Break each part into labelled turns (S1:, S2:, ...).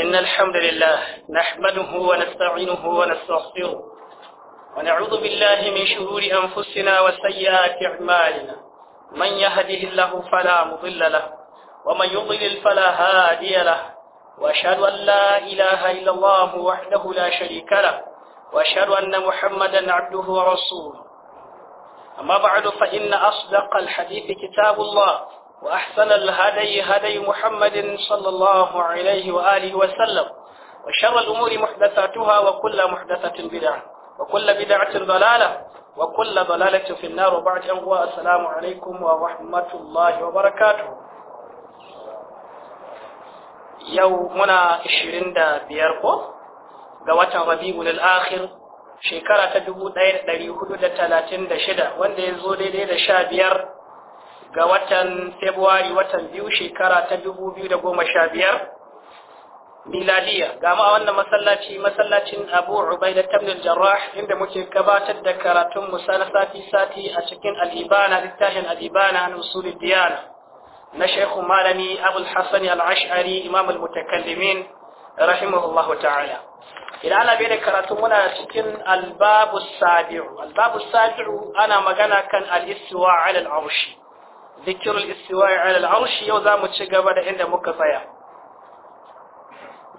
S1: إن الحمد لله نحمده ونستعينه ونستغفره ونعوذ بالله من شرور أنفسنا وسيئات أعمالنا من يهده الله فلا مضل له ومن يضلل فلا هادي له وأشهد أن لا إله إلا الله وحده لا شريك له وأشهد أن محمدا عبده ورسوله أما بعد فإن أصدق الحديث كتاب الله وأحسن الهدي هدي محمد صلى الله عليه وآله وسلم وشر الأمور محدثاتها وكل محدثة بدعة وكل بدعة ضلالة وكل ضلالة في النار وبعد أن السلام عليكم ورحمة الله وبركاته يومنا 25 ga watan Rabiul Akhir shekara ta 1436 wanda ya zo daidai da 15 ga watan Februari watan biyu shekara ta 2015 miladiya ga ma wannan masallaci masallacin Abu Ubaida ibn al-Jarrah inda muke gabatar da karatun musallati sati a cikin al-Ibana littafin al-Ibana an usul diyana na Sheikh Malami Abu al-Hasan al-Ash'ari Imam al-Mutakallimin rahimahullahu ta'ala idan ana bai da karatu muna cikin albabu sabi'u albabu sabi'u ana magana kan al-istiwa 'ala al-'arshi ذكر الاستواء على العرش يو زامو تشغب دا عند مكفايا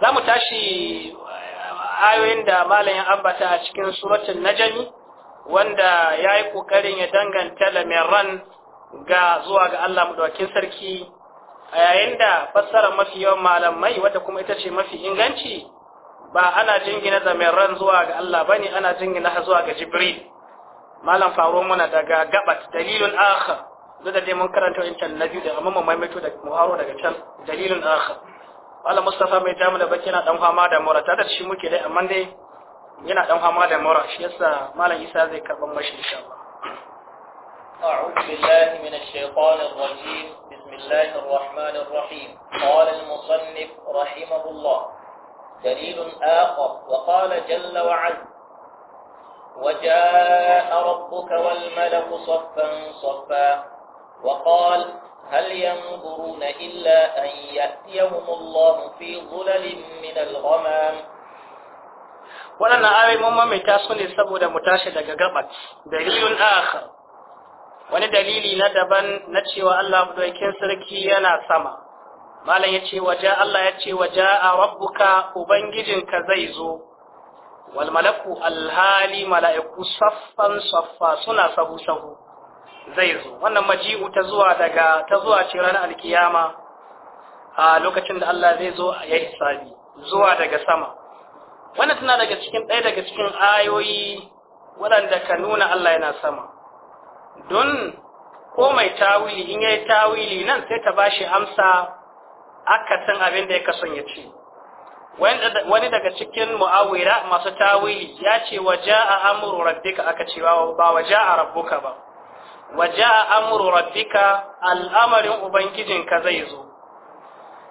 S1: زامو tashi eh, ayoyin da malam ya ambata a cikin suratul najmi wanda ya yi kokarin ya danganta lamiran ga zuwa ga Allah mudaukin sarki a yayin da fassara mafi yawan malamai wadda kuma ita ce mafi inganci ba ana jingina lamiran zuwa ga Allah bane ana jingina zuwa ga Jibril malam faro muna daga gabat dalilun akhar duk da dai mun karanta wancan na biyu da amma mun maimaito da muharo daga can dalilin akhar wala mustafa mai jamu da baki yana dan fama da mura ta da shi muke dai amma dai yana dan fama da mura shi yasa malam isa zai karban mashi insha Allah
S2: أعوذ بالله من الشيطان الرجيم بسم الله الرحمن الرحيم قال المصنف رحمه الله دليل آخر وقال جل وعز
S1: وجاء ربك والملك
S2: صفا صفا وقال هل ينظرون إلا أن يأتيهم الله في ظلل من الغمام waɗannan ayoyi mun mamaita
S1: sune ne saboda mu tashi daga gabat dalilun
S2: akhar wani dalili
S1: na daban na cewa Allah dokin sarki yana sama malam yace waje Allah yace waje a rabbuka ubangijinka zai zo wal malaku alhali mala'iku saffan saffa suna sahu sahu zai zo wannan maji'u ta zuwa daga ta zuwa ce ranar alkiyama a lokacin da Allah zai zo ya hisabi zuwa daga sama wannan tana daga cikin ɗaya daga cikin ayoyi waɗanda ka nuna Allah yana sama don ko mai tawili in yayi tawili nan sai ta bashi amsa akasin abin da ya kason ya ce wani daga cikin mu'awira masu tawili ya ce wa a amru rabbika aka ce ba wa a rabbuka ba waja amru rabbika al'amarin ubangijin ka zai zo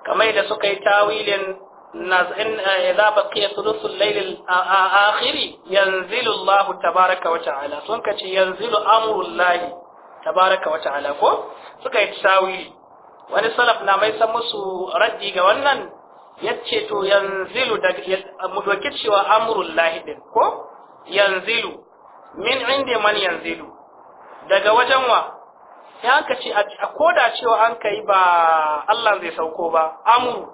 S1: kamar da suka yi tawilin idza eh, baqiya thuluthul layl al-akhir yanzilu Allah tabaaraka wa ta'ala sun ce yanzilu amru Allah tabaraka wa ta'ala ko suka yi tawili wani salaf na mai san musu raddi ga wannan yace to yanzilu da mudoki cewa amru Allah din ko yanzilu min inda man yanzilu daga wajen wa ya ka ce a koda cewa an kai ba Allah zai sauko ba Amur.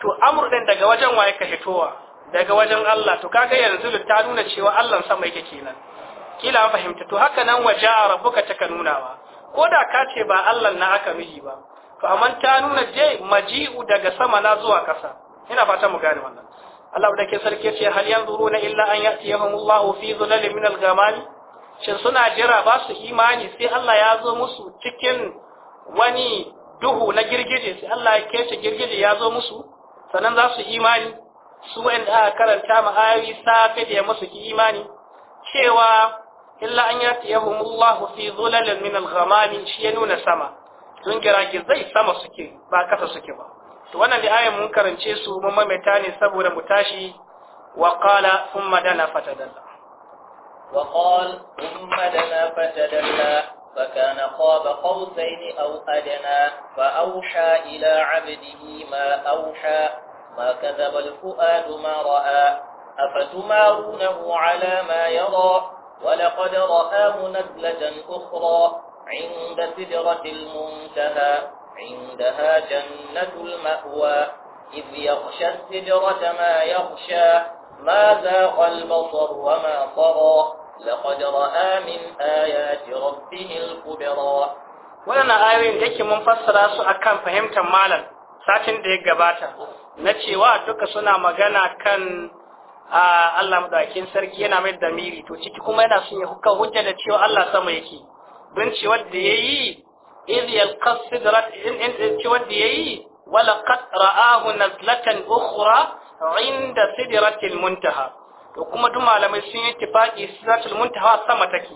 S1: to Amur din daga wajen wa yake hitowa daga wajen Allah to kaga yanzu ta nuna cewa Allah sama yake nan. kila an fahimta to haka nan waje a rabbuka ta nuna ko da ka ce ba Allah na aka miji ba to amma ta nuna je maji'u daga sama na zuwa kasa ina fata mu gane wannan Allah da ke sarki ce hal yanzuruna illa an ya'tiyahumullahu ya fi dhulalin min al ghamam shin suna jira ba su imani sai Allah ya zo musu cikin wani duhu na girgije sai Allah ya kece girgije ya zo musu sannan za su imani su wanda aka karanta ma'ayoyi safe da ya musu ki imani cewa illa an yatiyahumullahu fi zulalin min al shi ya nuna sama sun zai sama suke ba kasa suke ba to wannan da ayan mun karance su mun mamaita ne saboda mu tashi wa qala thumma dana fatadalla
S2: وقال ثم دنا فتدلى فكان خاب قوسين أو أدنى فأوحى إلى عبده ما أوحى ما كذب الفؤاد ما رأى أفتمارونه على ما يرى ولقد رآه نزلة أخرى عند سدرة المنتهى عندها جنة المأوى إذ يغشى السدرة ما يغشى ما ذاق البصر وما طرى لقد رأى من آيات ربه الكبرى wannan ayoyin da yake mun fassara su akan fahimtar malam satin da ya gabata
S1: na cewa duka suna magana kan Allah sarki yana mai damiri to ciki kuma yana son ya hukan hujja da cewa Allah sama yake don cewa da yayi iz yalqas sidrat in cewa da yayi wala qad ra'ahu nazlatan ukhra inda sidratil muntaha to kuma duk malamai sun yi tifaki sidratul muntaha sama take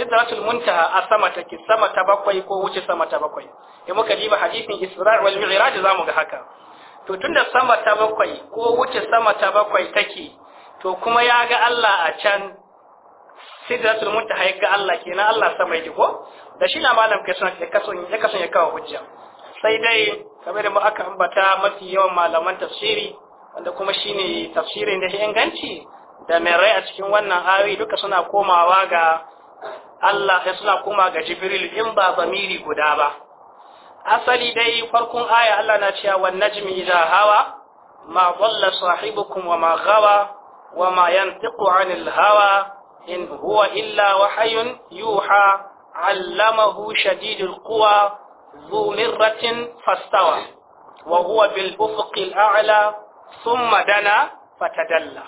S1: sidratul muntaha a sama take sama ta bakwai ko wuce sama ta bakwai in muka diba hadisin isra wal mi'raj zamu ga haka to tunda sama ta bakwai ko wuce sama ta bakwai take to kuma ya ga Allah a can sidratul muntaha ya ga Allah kenan Allah sama yake ko da shi na malam kai sunan ya kason ya kawo hujja sai dai kamar da aka ambata mafi yawan malaman tafsiri wanda kuma shine tafsirin da inganci da mai rai a cikin wannan ayoyi duka suna komawa ga Allah ya suna koma ga Jibril in ba zamiri guda ba asali dai farkon aya Allah na cewa wan najmi idha hawa ma dhalla sahibukum wa ma ghawa wa ma yantiqu anil hawa in huwa illa wahyun yuha allamahu shadidul quwa ذو مرة Wahuwa bil بالأفق a'la summa dana fatadalla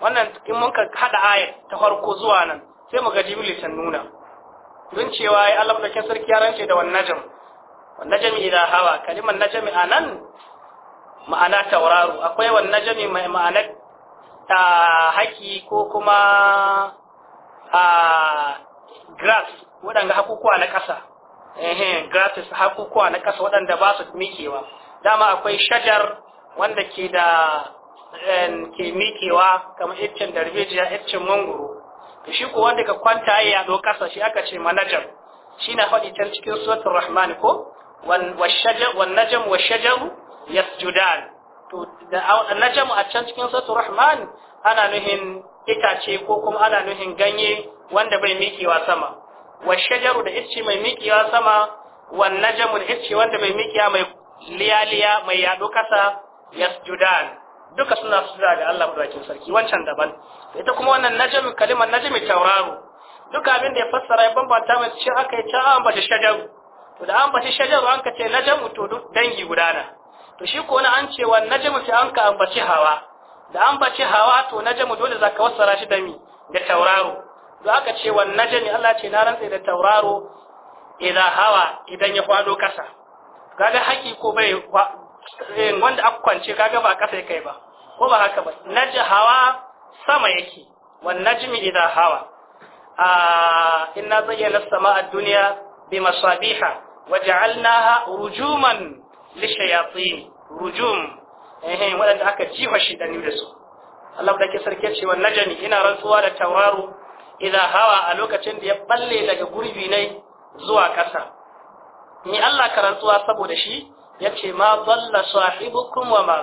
S1: wannan in mun ka hada ayat ta farko zuwa nan sai mu ga jibril ta nuna don cewa ya Allah da sarki ya rance da wan jam' wan najm idan hawa kalimar najm anan ma'ana tauraro akwai wan najm mai ma'ana ta haki ko kuma a grass waɗanda hakukuwa na ƙasa ehem grasses hakukuwa na ƙasa waɗanda ba su mikewa dama akwai shajar wanda ke da eh, ke mikewa kamar iccen darbejiya iccen mangoro to shi ko wanda ka kwanta ya yado kasa shi aka ce manajar shi na faɗi can cikin suratul rahman ko wan najam wa shajaru yasjudan to da najam a can cikin suratul rahman ana nuhin itace ko kuma ana nuhin ganye wanda bai mikewa sama wa shajaru da icce mai mikewa sama wan da icce wanda bai mikewa mai liyaliya mai yado kasa yasjudan duka suna sujuda ga Allah madaukakin sarki wancan daban ita kuma wannan najmi kalimar najmi tauraro duka abin da ya fassara ya bambanta mai cikin aka yi ta ambata shajaru to da ambata shajaru an ka ce najmu to duk dangi gudana to shi ko na an ce wa najmu sai an ka ambaci hawa da ambaci hawa to najmu dole zaka fassara shi da mi da tauraro to aka ce wa najmi Allah ce na rantsa da tauraro idan hawa idan ya kwado kasa kaga haƙi ko bai Eh, wanda aka kwance kaga ba kasa kai ba ko ba haka ba naji hawa sama yake wan najmi idha hawa a ah, inna zayyana as-samaa ad-dunya bi masabiha waja'alnaha rujuman lishayatin rujum eh wanda aka jiwa shi da da su Allah da ke sarki ce wan ina rantsuwa da tawaru idan hawa a lokacin da ya balle daga gurbi ne zuwa kasa ni Allah ka rantsuwa saboda shi yace ma dalla sahibukum wa ma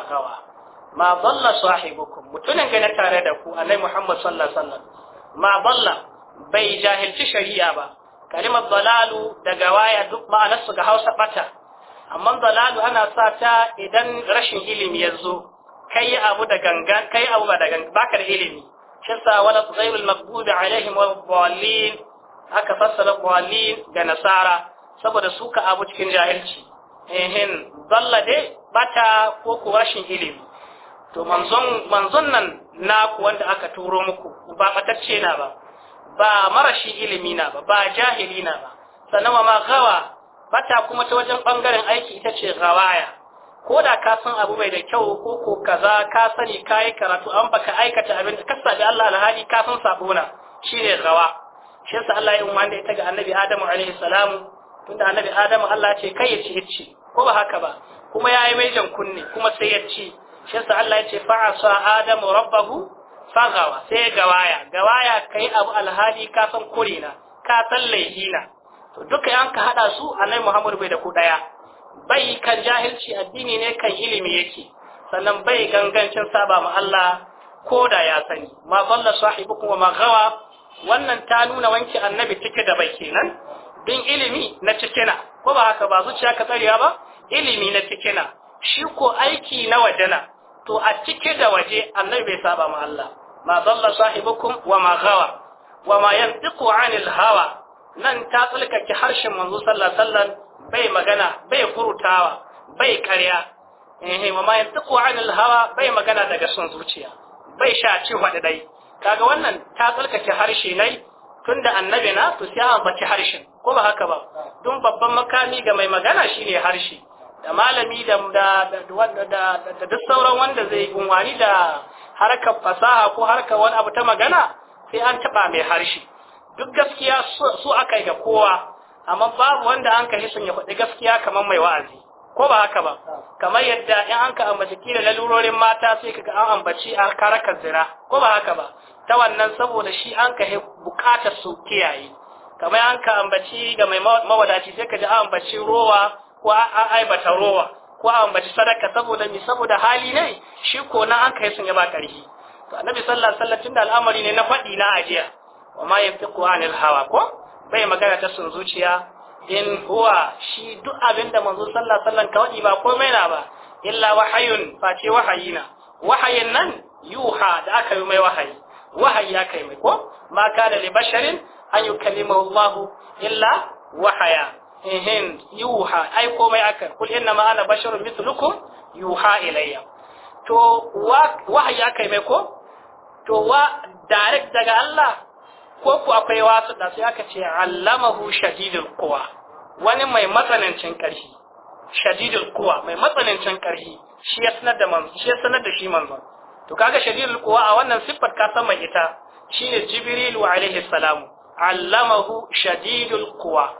S1: ma dalla sahibukum mutunan ga tare da ku annabi Muhammad sallallahu ma dalla bai jahilci shari'a ba kalimar dalalu da waya duk ma'anarsu ga Hausa bata amma dalalu ana sa ta idan rashin ilimi ya zo kai abu da kai abu da ilimi shi sa wala ghayrul maghdubi alaihim wal aka fassara qalin ga nasara saboda suka abu cikin jahilci ehin zalla dai bata ko ko rashin ilimi to manzon manzon nan naku wanda aka turo muku ba matacce na ba ba marashi ilimi na ba ba jahili na ba sanawa ma gawa bata kuma ta wajen bangaren aiki ita ce gawaya ko da ka san abu mai da kyau ko ko kaza ka sani kayi karatu an baka aikata abin da ka sabi Allah alhali ka san sabona shine gawa shi yasa Allah ya da ita ga Annabi Adamu alaihi salamu tunda annabi adamu Allah ya ce kai ya ci hicci ko ba haka ba kuma ya yi maijan kunne kuma sai ya ci shi yasa Allah ya ce asa adamu rabbahu fagawa sai ya gawaya gawaya kai abu alhali ka san kurena ka san laihina to duka ka hada su annabi Muhammadu bai da ku daya bai kan jahilci addini ne kan ilimi yake sannan bai gangancin saba ma Allah ko da ya sani ma dalla sahibukum wa ma gawa wannan ta nuna wanki annabi take da bai kenan din ilimi na cikina ko ba haka ba zuciya ka tsariya ba ilimi na cikina shi ko aiki na wajena to a cike da waje annabi bai saba ma Allah ma dalla sahibukum wa ma gawa wa ma yantiqu anil hawa nan ta ki harshen manzo sallallahu alaihi wasallam bai magana bai furutawa bai karya ehe wa ma yantiqu anil hawa bai magana daga son zuciya bai sha ci wadai kaga wannan ta ki harshe nai tunda annabi na to sai an bace harshen ko ba haka ba don babban makami ga mai magana shi ne harshe da malami da da duk sauran wanda zai gunwani da harkar fasaha ko harkar wani abu ta magana sai an taba mai harshe duk gaskiya su aka yi ga kowa amma babu wanda an kai sun ya faɗi gaskiya kamar mai wa'azi ko ba haka ba kamar yadda in an ka ambaci kila lalurorin mata sai kaga an ambaci a karakar zira ko ba haka ba ta wannan saboda shi an ka bukatar su kiyaye kamar an ka ambaci ga mai mawadaci sai ka ji an ambaci rowa ko an aibata rowa ko an ambaci sadaka saboda mi saboda hali ne shi ko na an kai sun ba karhi to annabi sallallahu alaihi wasallam tunda al'amari ne na faɗi na ajiya wa ma yafiqu anil hawa ko bai magana ta sun zuciya in huwa shi duk abinda manzo sallallahu alaihi wasallam ka wadi ba komai na ba illa wahayun face wahayina wahayin nan yuha da aka yi mai wahayi wahayi aka yi mai ko ma kana li basharin an yukallima Allah illa wahaya ehin yuha ai komai aka kul inna ma ana basharun mithlukum yuha ilayya to wahayi aka yi mai ko to wa direct daga Allah ko ku akwai wasu da sai aka ce allamahu shadidul quwa wani mai matsanancin ƙarfi shadidul quwa mai matsanancin ƙarfi shi ya sanar da manzo shi ya sanar da shi manzo to kaga shadidul quwa a wannan siffar ka san mai ita shine jibrilu alaihi salamu allamahu shadidul quwa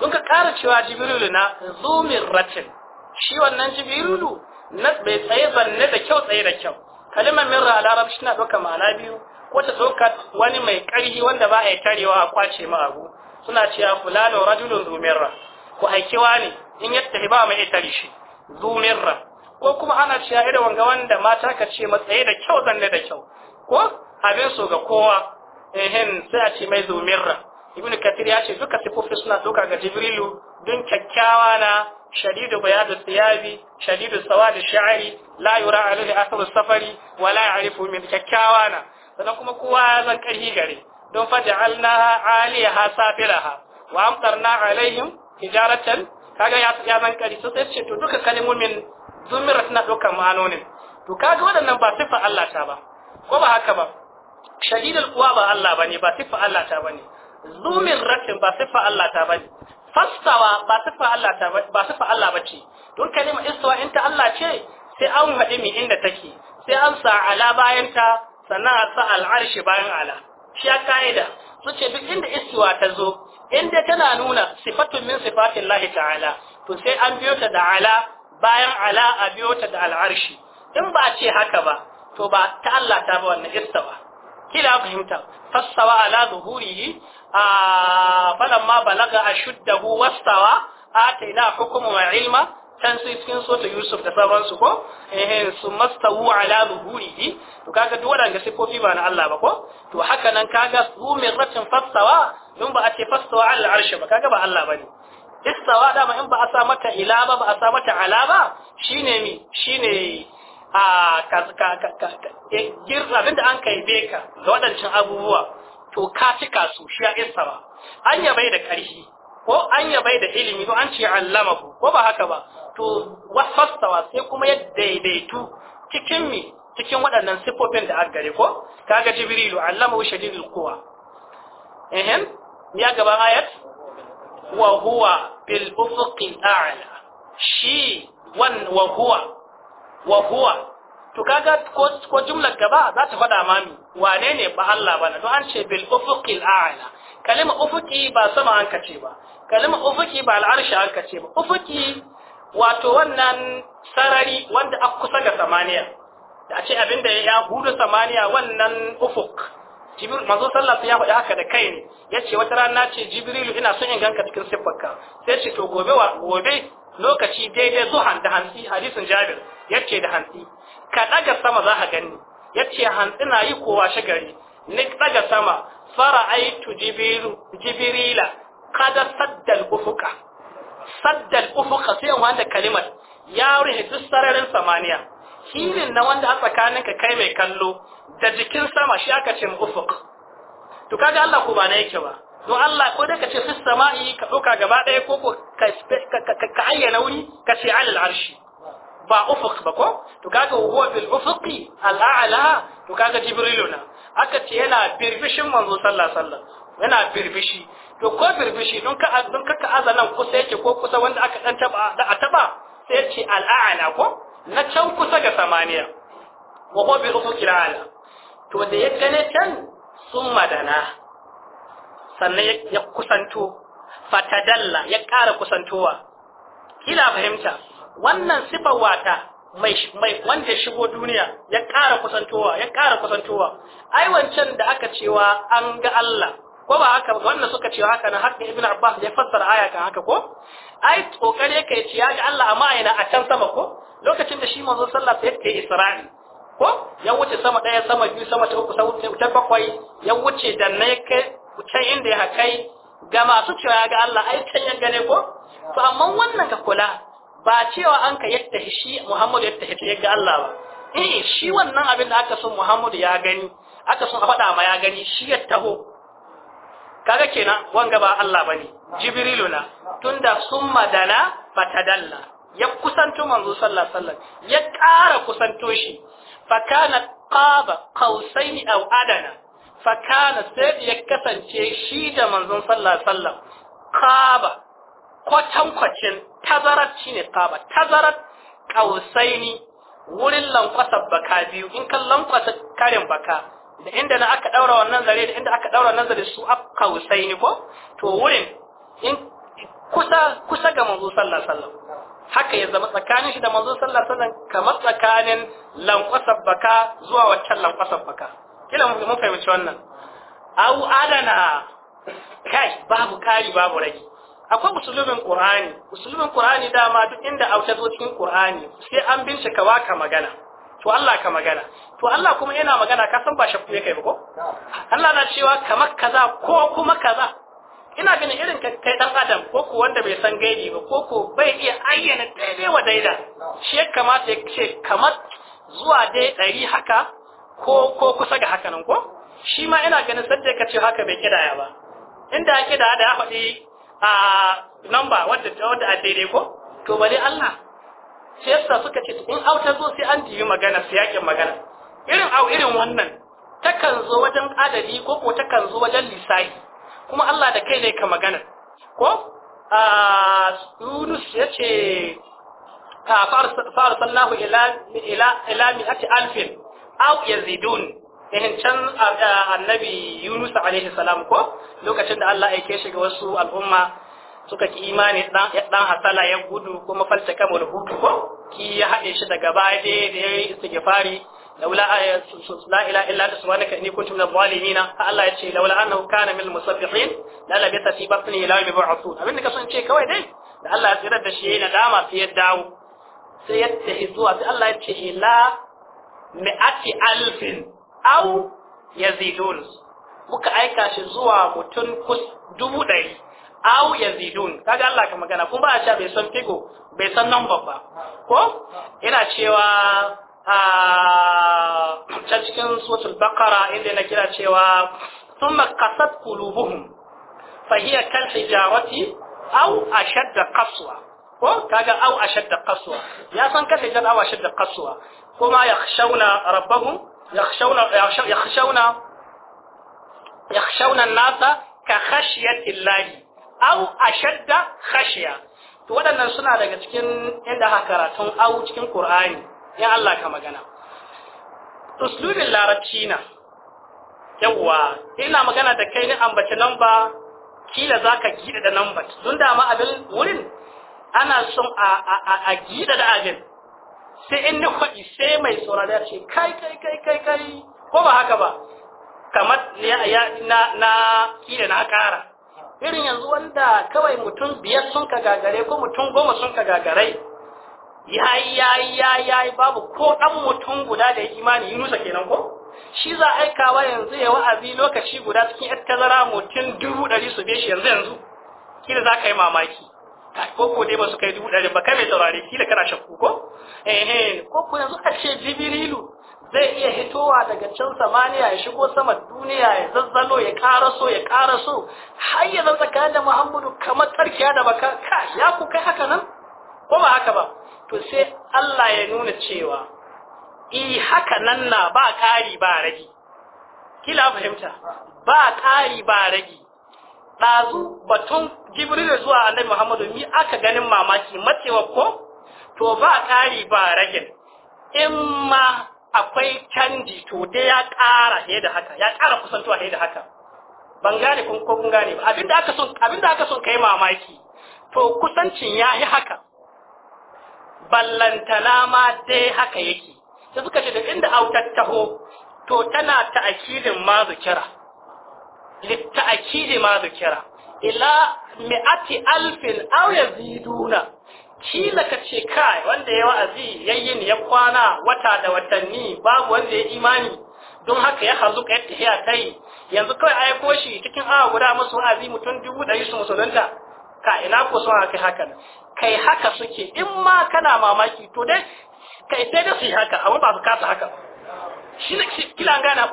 S1: don ka ƙara cewa jibrilu na zumir ratin shi wannan jibrilu na bai tsaye zanne da kyau tsaye da kyau kalimar mirra a larabci na ɗauka ma'ana biyu ko ta wani mai ƙarfi wanda ba a yi tarewa a kwace ma abu suna cewa fulano rajulun zumirra ko haikewa ne in ya tafi ba mai tare shi zumirra ko kuma ana cewa irin wanga wanda mata ka ce matsaye da kyau zanne da kyau ko abin so ga kowa ehin sai a ce mai zumirra ibnu kathir ya ce duka sifofi suna doka ga jibrilu don kyakkyawa na shadidu bayadu siyabi shadidu sawadi sha'ari la yura alaihi asaru safari wa la ya'rifu min kyakkyawa na sannan kuma kowa ya zan karhi gare don faja'alnaha aliyaha safilaha wa amtarna alaihim hijaratan kaga ya ya zan kari so sai ce to duka kalmomin zumirra suna dokan ma'anonin to kaga waɗannan ba sifa Allah ta ba ko ba haka ba shadidul kuwa ba Allah ne ba siffa Allah ta bane zumin ratin ba siffa Allah ta bane fastawa ba siffa Allah ba bace don kalima istawa in ta Allah ce sai an haɗe mi inda take sai an sa ala bayan ta sannan a sa al'arshi bayan ala shi ya ka'ida su ce duk inda istiwa ta zo inda tana nuna sifatun min sifatin lahi ta'ala to sai an biyo ta da ala bayan ala a biyo ta da al'arshi in ba ce haka ba to ba ta Allah ta ba wannan istawa kila fahimta fassawa ala zuhurihi a ma balaga ashuddahu wastawa ataina hukuma wa ilma can su cikin sota Yusuf da sauransu ko eh su mastawu ala zuhurihi to kaga duk sai sifofi ba na Allah ba ko to haka nan kaga su ratin fassawa don ba a ce fassawa ala arshi ba kaga ba Allah bane istawa dama in ba a sa mata ila ba ba a sa mata ala ba shine mi shine a eh, abin da an kai beka da waɗancan abubuwa to ka cika su shi ya isa ba an yabai da ƙarfi ko an yabai da ilimi ko an ce allama ku ko ba haka ba to wasastawa sai kuma ya daidaitu cikin mi cikin waɗannan siffofin da aggare ko kaga jibrilu allama wa shadidul quwa ehem ya gaba ayat wa huwa bil ufuqi a'la shi wan wa huwa wa huwa to kaga ko jumlar gaba za ta faɗa mami wane ne ba Allah bana to an ce bil ufuqil a'la kalima ufuqi ba sama an kace ba kalima ufuqi ba arsh an kace ba ufuqi wato wannan sarari wanda aka kusa ga samaniya da a ce abinda ya hudu samaniya wannan ufuq jibril mazo sallallahu ya faɗi haka da kai ne yace wata rana ce jibrilu ina son in ganka cikin siffarka sai ce to gobe wa gobe lokaci daidai zuhan da hansi hadisin jabir yace da hantsi ka daga sama za ka gani yace hantsi na yi kowa gari. ni daga sama fara'aitu aitu jibrila kada saddal ufuka saddal ufuka sai wanda kalimar ya rufe duk sararin samaniya hilin na wanda a tsakaninka kai mai kallo da jikin sama shi aka ce ufuk to kaga Allah ku ba na yake ba don Allah ko da ka ce fis sama'i ka ɗauka gaba ɗaya ko ko ka ayyana wuri ka ce alal arshi ba ufuk ba ko to kaga huwa bil ufuqi al a'la to kaga jibriluna aka ce yana birbishin manzo sallallahu alaihi wasallam yana birbishi to ko birbishi don ka don ka azanan kusa yake ko kusa wanda aka dan taba a taba sai ya ce al a'la ko na can kusa ga samaniya wa huwa bil ufuqi al a'la to da ya gane can sun madana sannan ya kusanto fatadalla ya ƙara kusantowa kila fahimta wannan sifar wata mai mai wanda shigo duniya ya ƙara kusantowa ya ƙara kusantowa ai wancan da aka cewa an ga Allah ko ba haka wannan suka cewa haka na hakan ibn abbas ya fassara aya kan haka ko ai kokare yake ya ce ya ga Allah amma yana a can sama ko lokacin da shi manzo sallallahu alaihi wasallam ya isra'i ko ya wuce sama daya sama biyu sama ta uku sama ta bakwai ya wuce da ne kai can inda ya kai ga masu cewa ya ga Allah ai can ya gane ko to amma wannan ka kula ba cewa an ka yadda shi Muhammadu yadda ya ga Allah ba eh shi wannan abin da aka son Muhammadu ya gani aka son a faɗa ma ya gani shi ya taho kaga kenan wanga ba Allah bane Jibrilu na tunda summa dana fatadalla ya kusanto manzo sallallahu alaihi wasallam ya ƙara kusanto shi fa kana qaba qausaini aw adana fa kana sai ya kasance shi da manzon sallallahu alaihi wasallam qaba kwatankwacin tazarat shine kaba tazarat kausaini wurin lankwasa baka biyu in kan lankwasa karin baka da inda na aka daura wannan zare da inda aka daura wannan zare su a kausaini ko to wurin in kusa kusa ga manzo sallallahu alaihi wasallam haka ya zama tsakanin shi da manzo sallallahu alaihi wasallam kamar tsakanin lankwasa baka zuwa waccan lankwasa baka kila mun fahimci wannan au adana kai babu kari babu rage akwai musulmin qur'ani musulmin qur'ani dama duk inda a cikin qur'ani sai an bincika wa ka magana to Allah ka magana to Allah kuma yana magana ka san ba shakku kai ba ko Allah na cewa kamar kaza ko kuma kaza ina ganin irin kai dan adam ko ko wanda bai san gaibi ba ko ko bai iya ayyana daidai wa daida shi ya kamata ya ce kamar zuwa dai ɗari haka ko ko kusa ga haka nan ko shi ma ina ganin sadda ka ce haka bai kidaya ba inda ya kidaya da ya faɗi a namba wadda wadda a daidai ko to bari Allah shi yasa suka ce in au ta zo sai an jiyi magana yake magana irin au irin wannan takan zo wajen adadi ko ko takan zo wajen lissafi kuma Allah da kai ne ka magana ko a Yunus ya ce fa arsalnahu ila ila ila mi'ati alfin au yazidun ehin can annabi Yunus alaihi salam ko lokacin da Allah aike shi ga wasu al'umma suka ki imani dan hasala ya gudu kuma falta kama hutu ko ki ya haɗe shi daga baya da da yayi istighfari laula eh, la ilaha illa anta subhanaka inni kuntu minadh zalimin Allah ya ce laula annahu kana minal musabbihin la labita fi batni ila yawmi yub'athun abin da kasan ce kawai dai da Allah ya tsira da shi na dama sai dawo sai ya tahi zuwa sai Allah ya ce ila mi'ati alfin au yazidun muka aika shi zuwa mutum kus dubu ɗari au yazidun kaga Allah ka magana kuma ba a cewa bai san figo bai san number ba. ko ina cewa a ta cikin suratul baqara inda na kira cewa thumma qasat qulubuhum fa hiya kal hijarati au ashadd qaswa ko kaga au ashadd qaswa ya san kashe hijar au ashadd qaswa kuma yakhshawna rabbahum yakhshawna yakhshawna nasa ka khashyati llahi aw ashadda khashya to waɗannan suna daga cikin inda aka karatun aw cikin Qur'ani ya Allah ka magana uslubin larabci na yawwa ina magana da kai ni ambaci ba. kila zaka gida da ba. tun da ma abin wurin ana son a gida da abin sai in ni faɗi sai mai saurari ya ce kai kai kai kai kai ko ba haka ba kamar na na na ƙara irin yanzu wanda kawai mutum biyar sun ka gagare ko mutum goma sun ka gagare yi ya, ya yi babu ko ɗan mutum guda da ya imani nusa kenan ko shi za a aikawa yanzu ya wa'azi lokaci guda cikin yar tazara mutum dubu ɗari su be shi yanzu yanzu kira za ka yi mamaki ko ko dai ba su kai dubu ɗari ba kai mai saurare kila kana shakku ko eh ko ko yanzu a ce jibrilu zai iya hitowa daga can samaniya ya shigo sama duniya ya zazzalo ya karaso ya karaso har ya zan tsakanin da muhammadu kamar tsarkiya da baka ka ya ku kai haka nan ko ba haka ba to sai Allah ya nuna cewa eh haka nan na ba kari ba ragi kila fahimta ba kari ba ragi ɗazu batun jibril zuwa annabi muhammadu mi aka ganin mamaki matsewa ko to ba ƙari ba rage in ma akwai canji to dai ya ƙara da haka ya ƙara kusantuwa da haka ban gane kun ko kun gane ba abinda aka son abinda aka son kai mamaki to kusancin yayi haka ballantana ma dai haka yake sai suka ce da inda autattaho taho to tana akilin ma zikira للتأكيد ما ذكر إلى مئة ألف أو يزيدون kila ka ce kai wanda ya wa'azi yayin ya kwana wata da watanni babu wanda ya imani don haka ya hazu ka yadda ya kai yanzu kawai a yako shi cikin awa guda masu wa'azi mutum dubu da su musulunta ka ina ko sun haka haka kai haka suke in ma kana mamaki to dai kai sai da su yi haka amma ba su kasa haka shi ne kila gana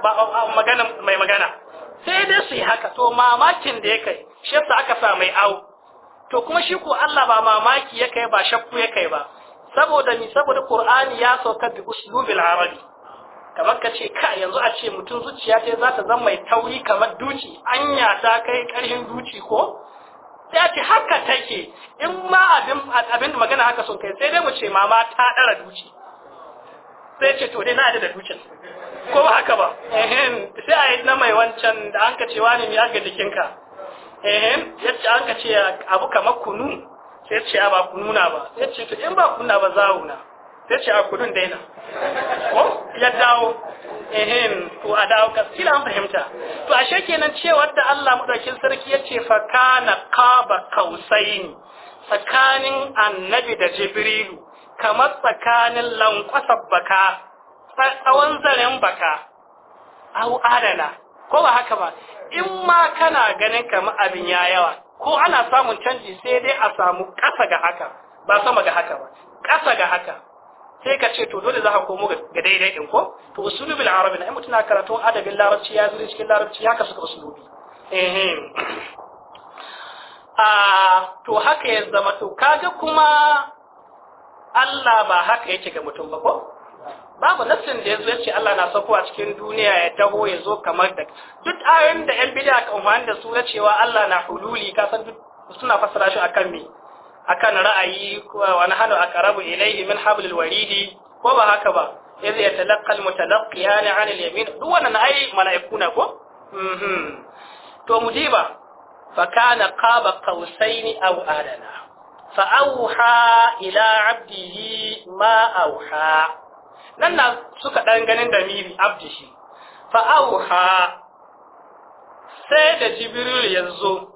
S1: magana mai magana sai dai su yi haka to mamakin da ya kai shi yasa aka sa mai awo to kuma shi ko Allah ba mamaki ya kai ba shakku ya kai ba saboda ni saboda Qur'ani ya sauka bi uslubil arabi kamar ka ce ka yanzu a ce mutum zuciya ta za ta zama mai tauri kamar duci anya ta kai karhin duci ko sai ce haka take in ma abin abin magana haka sun kai sai dai mu ce mama ta dara duci sai ce to dai na da dukin ko ba haka ba ehem sai a yi na mai wancan da an ka ce wani mai ka jikinka ehem yace an ka ce abu kamar kunu sai ce a ba kununa ba sai ce to in ba kununa ba zawuna sai ce a kunun daina ko ya dawo ehem to a dawo ka kila an fahimta to ashe kenan cewa da Allah madaukin sarki yace fa kana qaba kausaini tsakanin annabi da jibrilu kamar tsakanin lankwasar baka tsawon zaren baka au adana ko ba haka ba in ma kana ganin kamar abin ya yawa ko ana samun canji sai dai a samu ƙasa ga haka ba sama ga haka ba ƙasa ga haka sai ka ce to dole za ka komo ga daidai din ko to usulubul arabi na mutum na karatu adabin larabci ya zuri cikin larabci haka suka usulubi eh a ah, to haka ya zama to kaga kuma Allah ba haka yake ga mutum ba ko babu nassin da ya zo ce Allah na sauko a cikin duniya ya taho ya zo kamar da duk ayoyin da yan bid'a ka umarni da su na cewa Allah na hululi ka san duk suna fassara shi akan me akan ra'ayi wa a aqrabu ilayhi min hablil waridi ko ba haka ba ya idh yatalaqqa almutalaqqiyan 'an al-yamin duk wannan ai na ko mhm to mujiba fa kana qaba qausaini aw adana fa'auha ila abdihi ma auha nan na suka ɗan ganin da miri abdihi fa'auha sai da jibril ya zo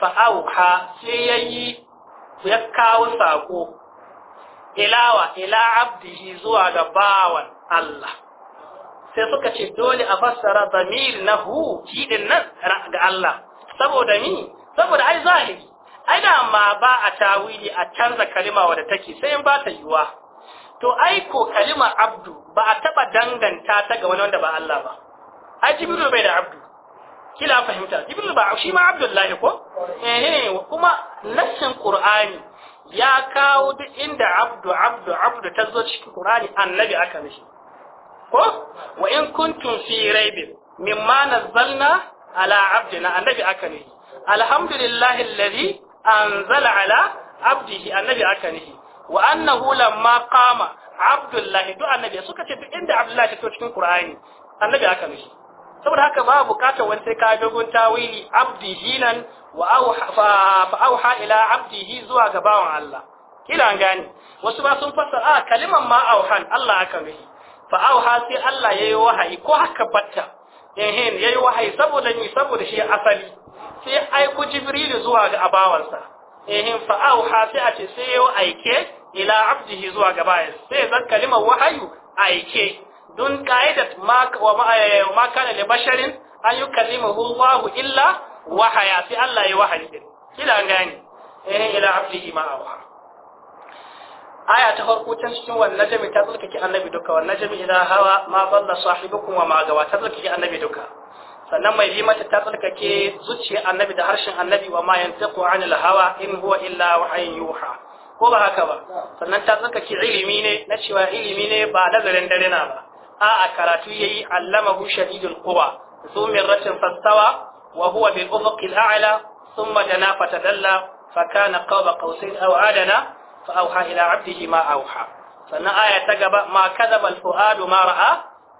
S1: fa'auha sai ya yi ya kawo sako ilawa ila abdihi zuwa ga bawan Allah sai suka ce dole a fassara zamir na hu kidin ga Allah saboda ni saboda ai zahiri ana ma ba a tawili a canza kalima wadda take sai in ba ta yiwa to ai ko kalima abdu ba a taba danganta ta ga wani wanda ba Allah ba ai jibril bai da abdu kila fahimta jibril ba shi ma abdullahi ko eh kuma nassin qur'ani ya kawo duk inda abdu abdu abdu ta zo cikin qur'ani annabi aka mishi ko wa in kuntum fi raibin mimma nazzalna ala abdina annabi aka mishi alhamdulillahi alladhi anzala ala abdihi annabi aka nihi wa annahu lamma qama abdullahi duk annabi suka ce duk inda abdullahi ta to cikin qur'ani annabi aka nihi saboda haka ba bukatar wani sai ka dogon tawili abdihi nan wa fa auha ila abdihi zuwa ga bawan Allah kila gani wasu ba sun fassara a kalimar ma auhan Allah aka mishi fa auha sai Allah yayi wahayi ko haka batta ehin yayi wahayi saboda ni saboda shi asali sai aiku jibril zuwa ga abawansa ehin fa auha sai a ce sai yau aike ila abdihi zuwa ga bayan sai zan kalimar wahayu aike dun qa'idat ma wa eh, ma kana li basharin an yukallimuhu Allahu illa wahaya sai Allah ya wahayi kila gani ehin ila abdihi ma auha aya ta farko can cikin wannan najmi ta tsarkake annabi duka wannan najmi idan hawa ma dalla sahibukum wa ma ta annabi duka sannan mai bi mata ta ke zuciyar annabi da harshen annabi wa ma yantiqu anil hawa in huwa illa wahyun yuha ko ba haka ba sannan ta tsarkake ilimi ne na cewa ilimi ne ba nazarin dare na ba a'a karatu yayi allamahu shadidul quwa
S2: zumirratin
S1: fastawa wa huwa bil ufuqil a'la thumma na fatadalla fa kana qaba qausain aw adana fa auha ila abdihi ma auha sannan aya ta gaba ma kadaba al-fuadu ma ra'a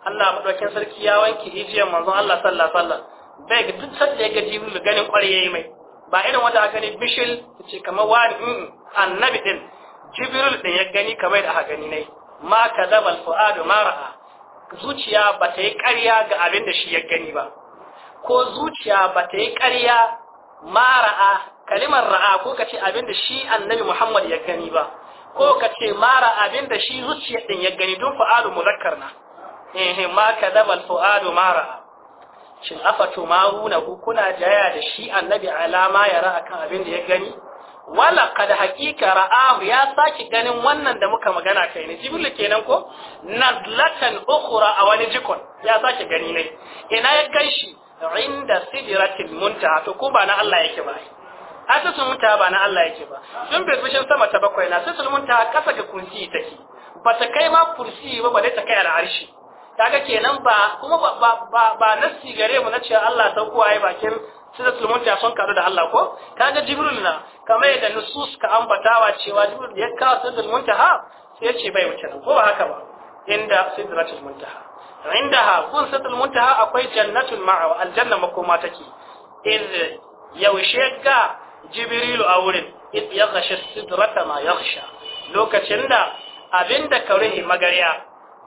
S1: Allah madaukin sarki ya wanke hijiyar manzon Allah sallallahu alaihi wasallam bai ga duk sanda ya ga Jibril ganin kware yayi mai ba irin wanda aka ne bishil ce kamar wani annabi din Jibril din ya gani kamar da aka gani ne ma kadaba al ma ra'a zuciya ba ta yi ƙarya ga abin da shi ya gani ba ko zuciya ba ta yi ƙarya mara'a kalimar ra'a ko ka ce abinda shi annabi Muhammad ya gani ba ko ka ce mara abinda shi zuciya din ya gani don fa'alu muzakkar na eh ma kadaba al-fu'alu mara shin afatu maruna ku kuna jaya da shi annabi alama ya ra'a kan abinda ya gani wala kad haqiqa ra'ahu ya saki ganin wannan da muka magana kai ne jibril kenan ko nazlatan ukhra a wani jikon ya saki gani ne ina ya kai shi inda sidratil muntaha to ko ba na Allah yake ba asasul muntaha ba na Allah yake ba sun bai fushin sama ta bakwai na asasul muntaha kasa ga kunsi take ba ta kai ma kursi ba ba ta kai al'arshi kaga kenan ba kuma ba ba ba na gare mu na cewa Allah saukowa ya bakin sidratul muntaha sun karu da Allah ko kaga jibril na kamar yadda nusus ka ambatawa cewa jibril ya kawo sidratul ha? sai ya ce bai wuce ko ba haka ba inda sidratul muntaha indaha kun sidratul muntaha akwai jannatul ma'awa aljanna makoma take iz yaushe ga jibrilu a wurin id ya sidrata ma ya lokacin da abinda ka ruhe magarya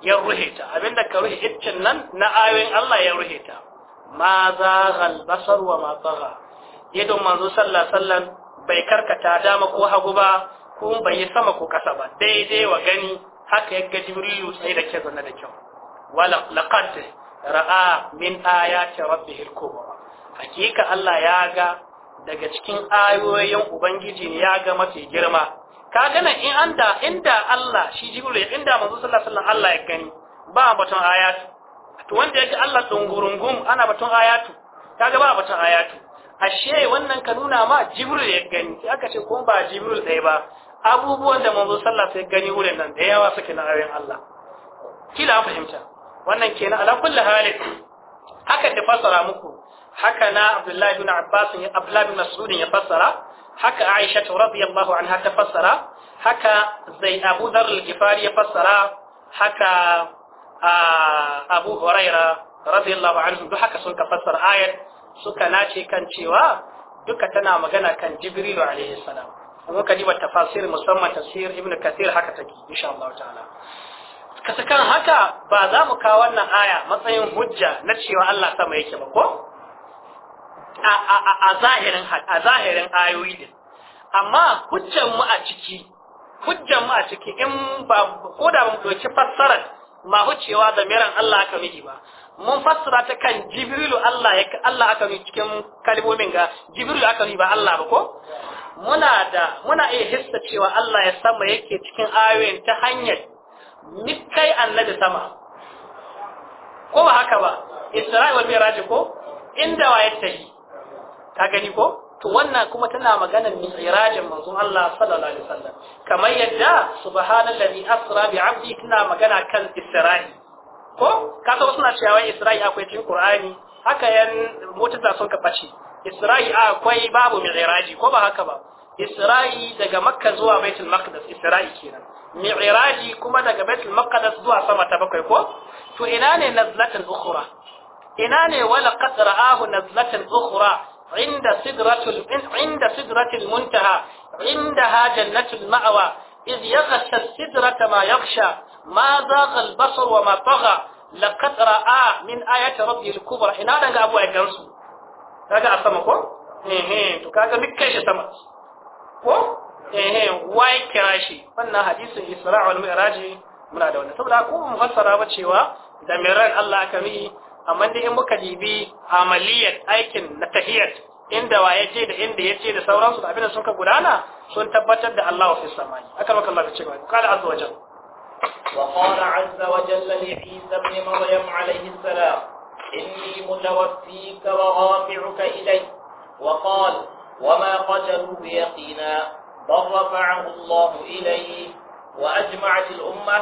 S1: ya ruhe ta abinda ka ruhe iccin nan na ayoyin Allah ya ruhe ta ma zaghal basar wa ma idon manzo sallah, sallan bai karkata dama ko hagu ba ko bai yi sama ko kasa ba daidai wa gani haka ya ga jibrilu sai da kyau da kyau wala laqad ra'a min ayati rabbihil kubra hakika Allah ya ga daga cikin ayoyin ubangiji ne ya ga mafi girma Ka nan in anda inda Allah shi jibril inda manzo sallallahu alaihi wasallam Allah ya gani ba batun ayatu to wanda yake Allah dungurungum ana batun ayatu ga ba batun ayatu ashe wannan ka nuna ma jibril ya gani sai aka ce kuma ba jibril ɗaya ba abubuwan da manzo sallallahu alaihi gani wurin nan da yawa suke na ayoyin Allah kila fahimta wannan kenan ala kulli halin haka da fasara muku haka na Abdullahi bin Abbas ya Abdullahi bin Mas'ud ya fassara haka Aisha radiyallahu anha ta fassara haka zai Abu Dharr al-Ghifari ya fassara haka Abu Huraira radiyallahu anhu duk haka sun ka fassara ayat suka nace kan cewa duka tana magana kan jibril alaihi salam amma ka diba tafasir musamman tafsir Ibn Kathir haka take insha Allah ta'ala kasakan haka ba za mu kawo wannan aya matsayin hujja na cewa Allah sama yake ba ko a zahirin a zahirin ayoyi din amma hujjar mu a ciki hujjar mu a ciki in ba ko da ba mu doki fassarar ma hucewa da miran Allah aka miji ba mun fassara ta kan jibrilu Allah ya Allah aka miji cikin kalmomin ga jibrilu aka miji ba Allah ba ko muna da muna iya hissa cewa Allah ya sama yake cikin ayoyin ta hanyar mikai annabi sama ko ba haka ba Isra'il wal Miraj ko inda wa ta yi. ka gani ko to wannan kuma tana maganar mi'rajin manzon Allah sallallahu alaihi wasallam kamar yadda subhanallazi asra bi 'abdi tana magana kan isra'i ko ka saba suna cewa isra'i akwai cikin qur'ani haka yan mutata sun ka bace isra'i akwai babu mi'raji ko ba haka ba isra'i daga makka zuwa baitul maqdis isra'i kenan mi'raji kuma daga baitul maqdis zuwa sama ta bakwai ko to ina ne nazlatan ukhra ina ne wala qad ra'ahu nazlatan ukhra inda sidratul inda sidratul muntaha indaha jannatul ma'wa iz yaghsha sidrata ma yaghsha ma zagha al wa ma tagha laqad ra'a min ayati rabbil kubra ina daga abu ai a sama ko hadisin isra wal mi'raj da ko ba cewa da Allah amma dai in muka dibi amaliyar aikin na tahiyat inda wa ya da inda yace ce da sauransu da abin da sun ka gudana sun tabbatar da Allah fi samani
S2: aka maka Allah ta ce gaba kala azza wajal wa qala azza wajalla li isa ibn maryam alayhi salam inni mutawaffika wa rafi'uka ilay wa qala wa ma وما قتلوا بيقينا Allah رفعه wa ajma'at al الأمة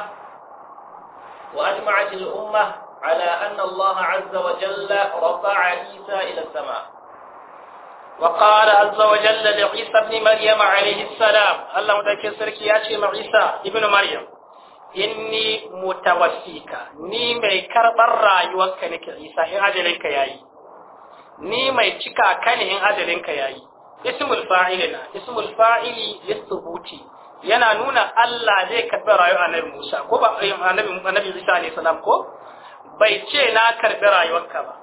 S2: وأجمعت الأمة على أن الله عز وجل رفع عيسى إلى السماء وقال عز وجل لعيسى ابن مريم عليه السلام الله
S1: متكسر كياتي مع عيسى ابن مريم inni mutawaffika ni mai karɓar rayuwarka nake isa in ajalinka yayi ni mai cika kani ne in ajalinka yayi ismul fa'ilina ismul fa'ili listubuti yana nuna Allah zai karɓi rayuwar annabi Musa ko ba annabi annabi Isa ne salam ko bai ce na karbi rayuwarka ba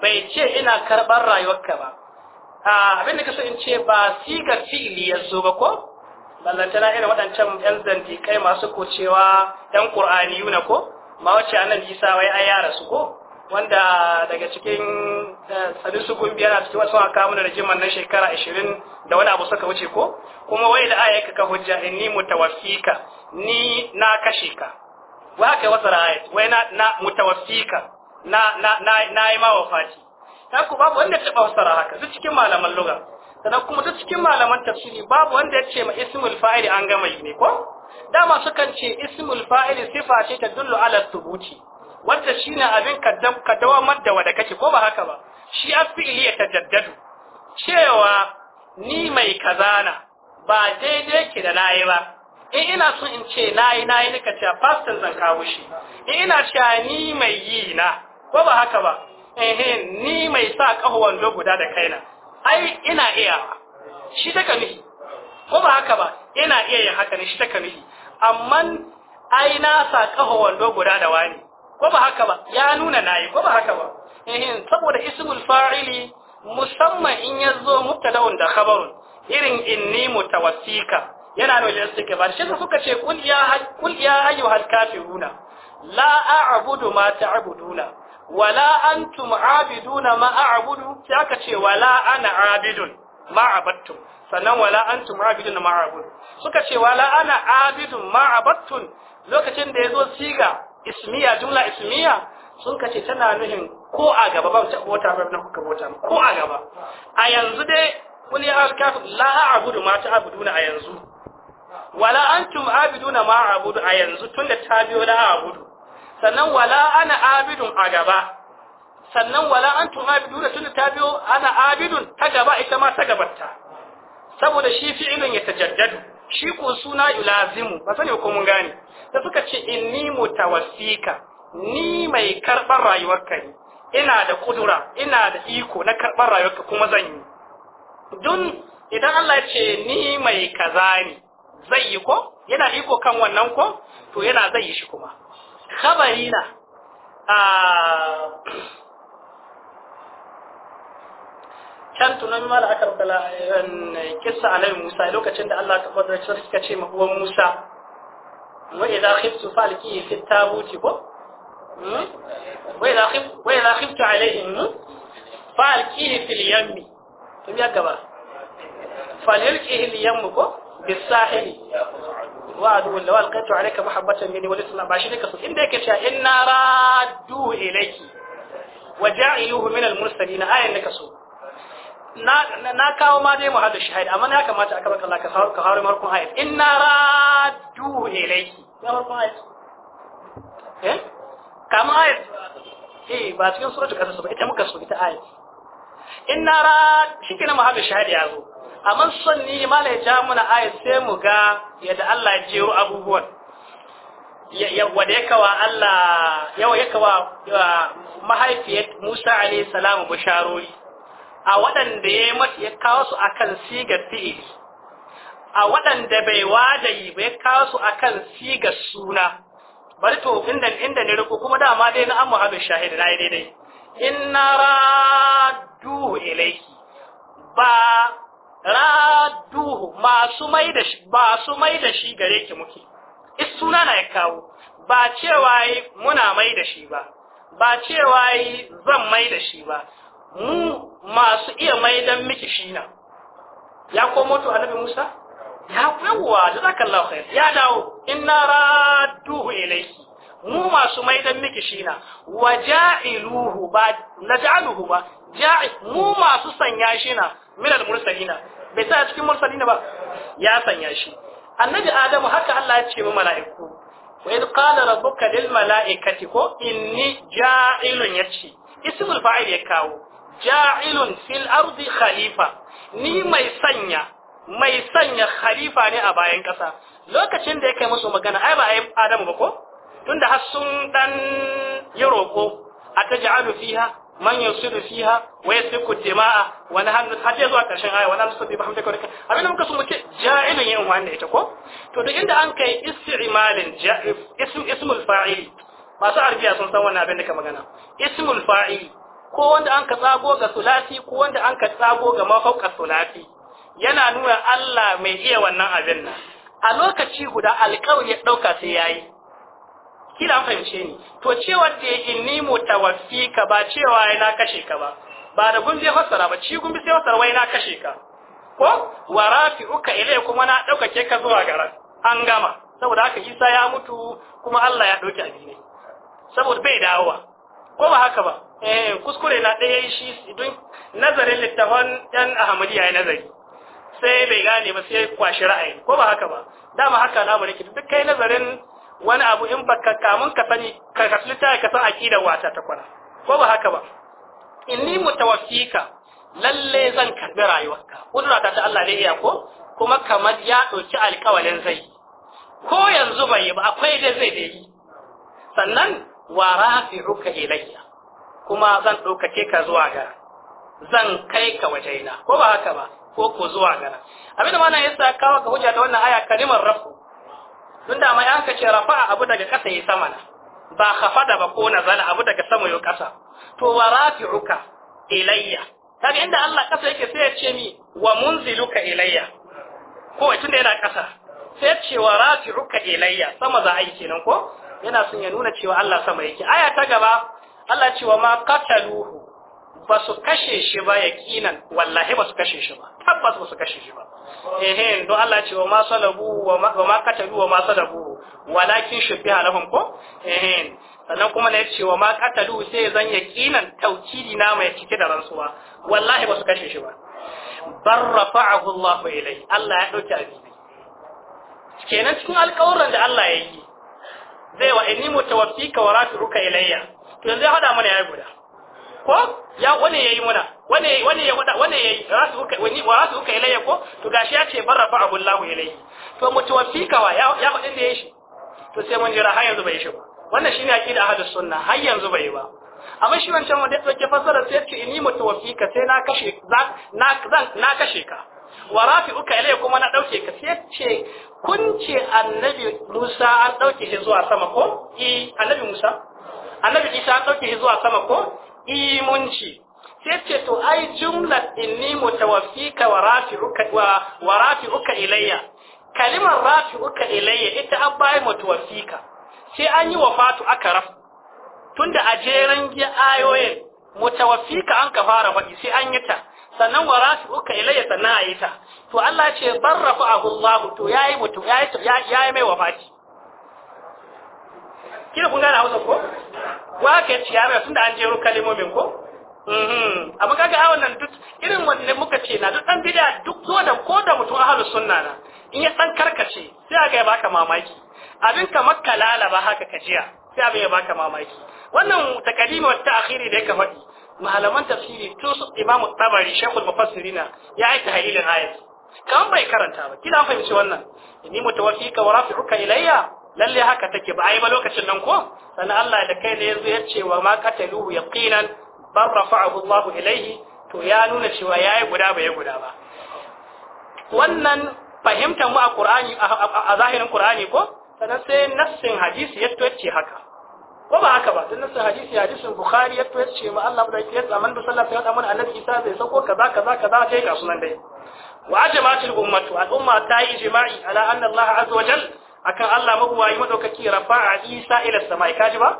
S1: bai ce ina karbar rayuwarka ba abin da kaso in ce ba sigar fi'ili ya zo ba ko ballantana irin waɗancan yan zandikai masu kocewa yan qur'ani yuna ko ma wace annabi isa wai ai yara su ko wanda daga cikin eh, sanin su gumbi yana cikin wasu aka mana jiman na shekara 20 da wani abu suka wuce ko kuma wai da ayyaka ka hujja inni mutawaffika ni na kashe ka wa aka wasa ayat wai na na mutawaffika na na na yi ma wafati ta ku babu wanda ya taba wasara haka duk cikin malaman lugha sannan kuma duk cikin malaman tafsiri babu wanda ya ce ma ismul fa'il an gama ne ko dama sukan ce ismul fa'il sifa ce ta dullu ala thubuti wanda shine abin kaddam kadawamar da wada kake ko ba haka ba shi asfi'ili ya tajaddadu cewa ni mai kazana ba daidai ke da nayi ba in ina so in ce na yi na yi nika cewa pastor zan kawo shi in ina cewa ni mai yi na ko ba haka ba eh ni mai sa kaho wando guda da kaina ai ina iya shi ta kamihi ko ba haka ba ina iya yin haka ne shi ta kamihi amma ai na sa kaho wando guda da wani ko ba haka ba ya nuna nayi ko ba haka ba eh saboda ismul fa'ili musamman in yazo mubtada'un da khabarun irin inni mutawassika yana da wajen suke ba shi suka ce kul ya kul ya ayyuhal kafiruna la a'budu ma ta'buduna wala antum abiduna ma a'budu sai aka ce wala ana abidun ma abattum sannan wala antum abiduna ma a'budu suka ce wala ana abidun ma abattun lokacin da yazo siga ismiya jumla ismiya sun kace tana nuhin ko a gaba ba ta bota ba na kuka bota ko a gaba a yanzu dai kul ya al kafir la a'budu ma ta'buduna a yanzu wala antum abiduna ma abudu a yanzu tunda ta biyo la abudu sannan wala ana abidun a gaba sannan wala antum abiduna tunda ta biyo ana abidun ta gaba ita ma ta gabata. saboda shi fi'ilun ya tajaddadu shi ko suna yulazimu ba sani ko mun gane da suka ce inni mutawassika ni mai karɓar rayuwarka ne ina da kudura ina da iko na karɓar rayuwarka kuma zan yi don idan Allah ya ce ni mai kaza ne zai yi ko yana iko kan wannan ko to yana zai yi shi kuma khabari na can tunan mala aka rubuta kissa alai musa lokacin da Allah ta fadar suka ce mahuwan musa wa idza khiftu falki fi tabuti ko hmm? wa idza khiftu wa idza khiftu alaihim hmm? falki fi filiyan mi. to ya gaba falki fi filiyan mu ko بالساحل وعدو لو ألقيت عليك محبة مني والإسلام باشي نكسو إن ديك إن رادوه إليك وجعلوه من المرسلين آية نكسو na kawo ma dai muhallin shahid amma ya kamata aka baka Allah ka hawo markun ayat inna raddu ilayki ya markun ayat eh kama ayat eh ba cikin suratul qasas ba ita muka so ita ayat inna rad shikenan muhallin shahid ya zo amma son ni mala ya ja muna ayat sai mu ga yadda Allah ya jero abubuwan wanda ya kawa Allah yawa ya kawa mahaifiyar Musa alayhi salamu bisharori a waɗanda ya mata ya kawo su akan sigar fi'ili a waɗanda bai wajayi ba ya kawo su akan sigar suna bari to inda inda ne riko kuma dama dai na amma abin shahid na daidai inna raddu ilayhi ba raduhu masu mai da shi mai da shi gare ki muke is suna na ya kawo ba cewa muna mai da shi ba ba cewa zan mai da shi ba mu masu iya mai dan miki shi na ya komo to annabi Musa ya yawa jazakallahu khair ya dawo inna raduhu ilayki mu masu mai dan miki shi na waja'iluhu ba naj'aluhu ba ja'i mu masu sanya shi na min al-mursalina bai sa cikin mursalina ba ya sanya shi annabi adamu haka Allah ya ce ma mala'iku wa idh qala rabbuka lil mala'ikati ko inni ja'ilun yace ismul fa'il ya kawo ja'ilun fil ardi khalifa ni mai sanya mai sanya khalifa ne a bayan kasa lokacin da yake musu magana ai ba ai adamu ba ko tunda har sun dan yi roko a taj'alu fiha man yusiru fiha wa yasfiku dima'a wa nahnu hadda zuwa karshen aya wa nahnu sabbi bihamdika wa abin da muka so muke ja'ilun yin wannan ita ko to duk inda an kai isti'malin ja'if ism ismul fa'il masu arabiya sun san wannan abin da ka magana ismul fa'il ko wanda an ka tsago ga sulati ko wanda an ka tsago ga mafauka sulati yana nuna Allah mai iya wannan abin nan a lokaci guda alƙawari ya dauka sai yayi kila an fahimce ni to cewa da inni ka ba cewa ai na kashe ka ba ba da zai fassara ba ci bi sai fassara wai na kashe ka ko wa uka ilai kuma na daukake ka zuwa garan an gama saboda haka Isa ya mutu kuma Allah ya dauki abi saboda bai dawowa ko ba haka ba eh kuskure na ɗaya shi don nazarin littafan ɗan Ahmadiyya ya nazari sai bai gane ba sai kwashi ra'ayi ko ba haka ba dama haka al'amari ki duk kai nazarin wani abu in ba ka kamun ka sani ka kasu littafi ka san aƙidar wata ta kwana ko ba haka ba In inni mutawaffika lalle zan karbi rayuwarka kudurata ta Allah ne iya ko kuma kamar ya ɗauki alƙawalin zai ko yanzu bai yi ba akwai dai zai da yi sannan wa rafi'uka ilayya kuma zan ɗaukake ka zuwa ga zan kai ka wajena ko ba haka ba ko ko zuwa ga abin da mana yasa kawo ga hujja ta wannan aya kalimar rafu tun da mai an kace rafa'a abu daga kasa ya sama ba khafada ba ko na nazala abu daga sama yayi ƙasa to wa rafi'uka ilayya kaga inda Allah kasa yake sai ya ce mi wa munziluka ilayya ko tun yana kasa sai ya ce wa ilayya sama za a yi kenan ko yana son ya nuna cewa Allah sama yake aya ta gaba Allah ce wa ma qataluhu ba su kashe shi ba yaqinan wallahi ba su kashe shi ba tabbas ba su kashe shi ba ehe don Allah ce wa ma salabu wa ma katabu wa ma salabu walakin shubbiha lahum ko ehe sannan kuma ne ce wa ma katalu sai zan yaqinan tawkidi na mai cike da rantsuwa wallahi ba su kashe shi ba bar rafa'ahu Allah ilai Allah ya dauki abin kenan cikin alƙawarin da Allah ya yi zai wa inni mutawaffika wa rafi'uka ilayya to yanzu ya hada mana yayi guda ko ya wane yayi muna wane wane ya wada wane yayi rasu ka wani wa rasu ka ilayya ko to gashi ya ce barrafa abullahu ilayhi to mutawaffika wa ya ya hudin da yayi shi to sai mun jira har yanzu bai shi ba wannan shine aqida ahad sunna har yanzu bai ba amma shi wancan wanda yake fasara sai ce ni mutawaffika sai na kashe na na kashe ka wa rafi'uka ilayya kuma na dauke ka sai ce kun ce annabi Musa an dauke shi zuwa sama ko eh annabi Musa annabi Isa an dauke shi zuwa sama ko imunci sai ce to ai jumlat inni mutawaffika wa rafi'uka wa, wa rafi'uka ilayya kalimar rafi'uka ilayya ita an bayi mutawaffika sai an yi wafatu aka raf tunda a jeran ayoyin mutawaffika an ka fara faɗi sai an yi ta sannan wa rafi'uka ilayya sannan a yi ta to Allah ce barrafa ahullahu to yayi mutu yayi yayi mai wafati kila kun gane hausa ko wa ka ci yara sun da an jero kalimomin ko mhm. amma kaga a wannan duk irin wanne muka ce na duk dan bid'a duk ko da ko da mutum ahlus sunna na in ya dan karkace sai aga ya baka mamaki abin ka makka lalaba haka kajiya sai abin ya baka mamaki wannan takalima ta akhiri da yake faɗi malaman tafsiri tun su imamu tabari shekul mufassirina ya yi tahlilin ayat kan bai karanta ba kina fahimci wannan inni mutawaffika wa rafi'uka ilayya lalle haka take ba a yi ba lokacin nan ko sannan Allah da kai ne yanzu ya ce wa ma qataluhu yaqinan bar rafa'ahu Allah ilayhi to ya nuna cewa yayi guda ba ya guda ba wannan fahimtar mu a Qur'ani a zahirin Qur'ani ko sannan sai nassin hadisi ya ce haka ko ba haka ba tun nasu hadisi hadisin bukhari ya to yace ma Allah da yake zaman da sallah ya zama annabi Isa zai sako kaza kaza kaza sai ga sunan dai wa ajma'atul ummatu al umma ta yi jima'i ala anna Allah azza wa jalla akan Allah magwayi madaukaki rafa'a Isa ila samai kaji ba